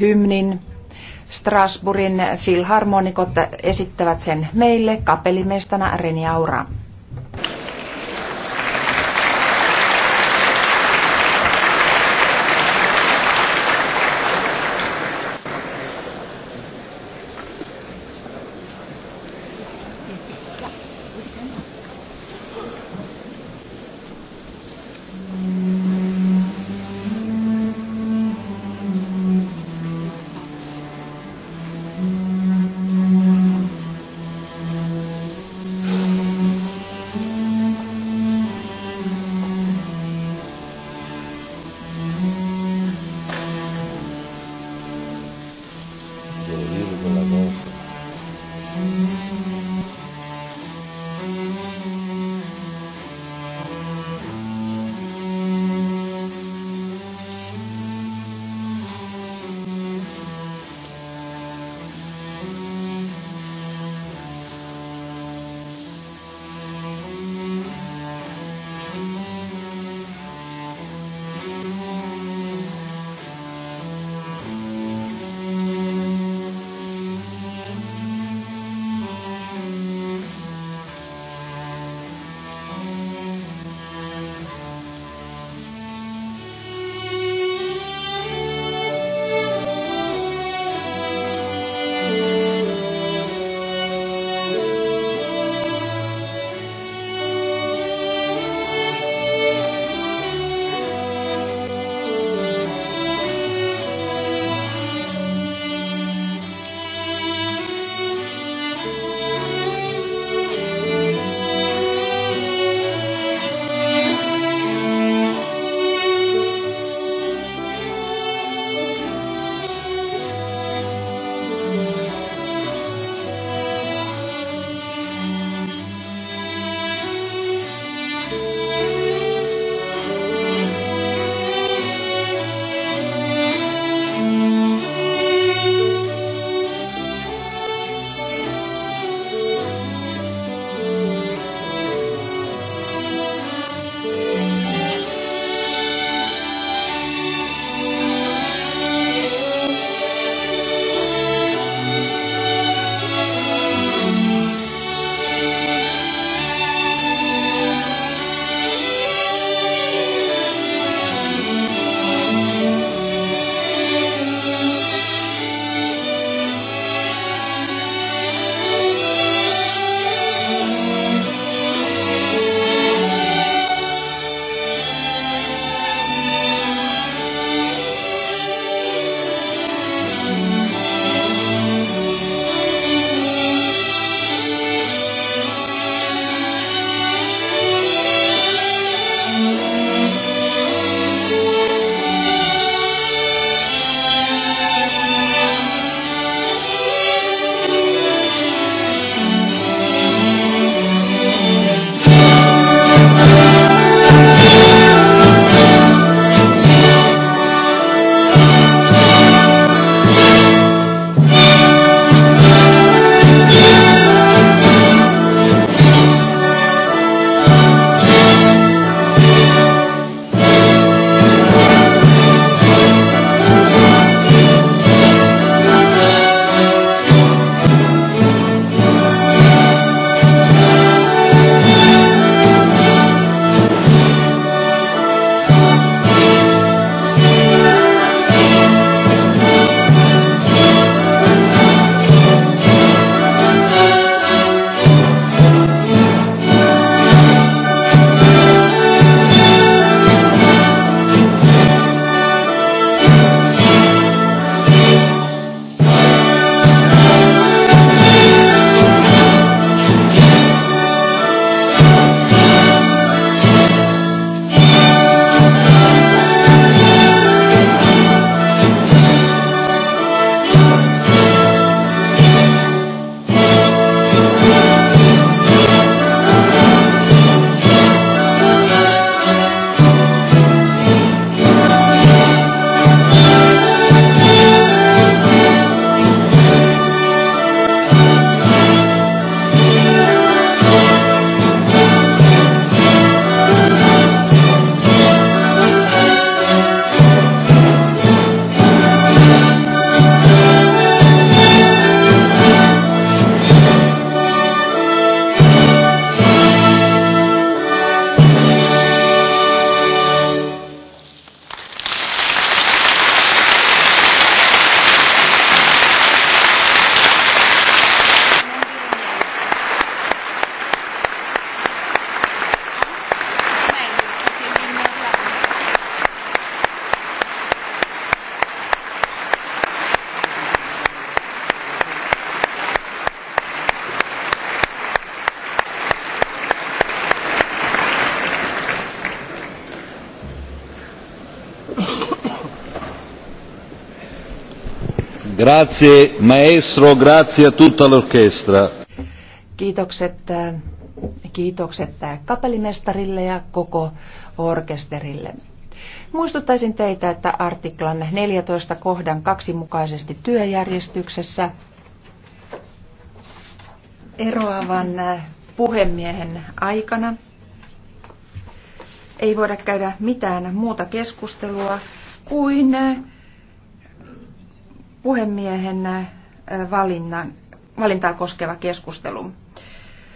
hymnin. Strasbourgin filharmonikot esittävät sen meille kapelimestana Reni Aura. Grazie maestro, grazie a tutta l'orchestra. Kiitokset, eh, kiitokset eh, kapellimestarille ja koko orkesterille. Muistuttaisin teitä, että artiklan 14 kohdan kaksi mukaisesti työjärjestyksessä eroavan eh, puhemiehen aikana ei voida käydä mitään muuta keskustelua kuin puhemiehen äh, valinnan, valintaa koskeva keskustelu.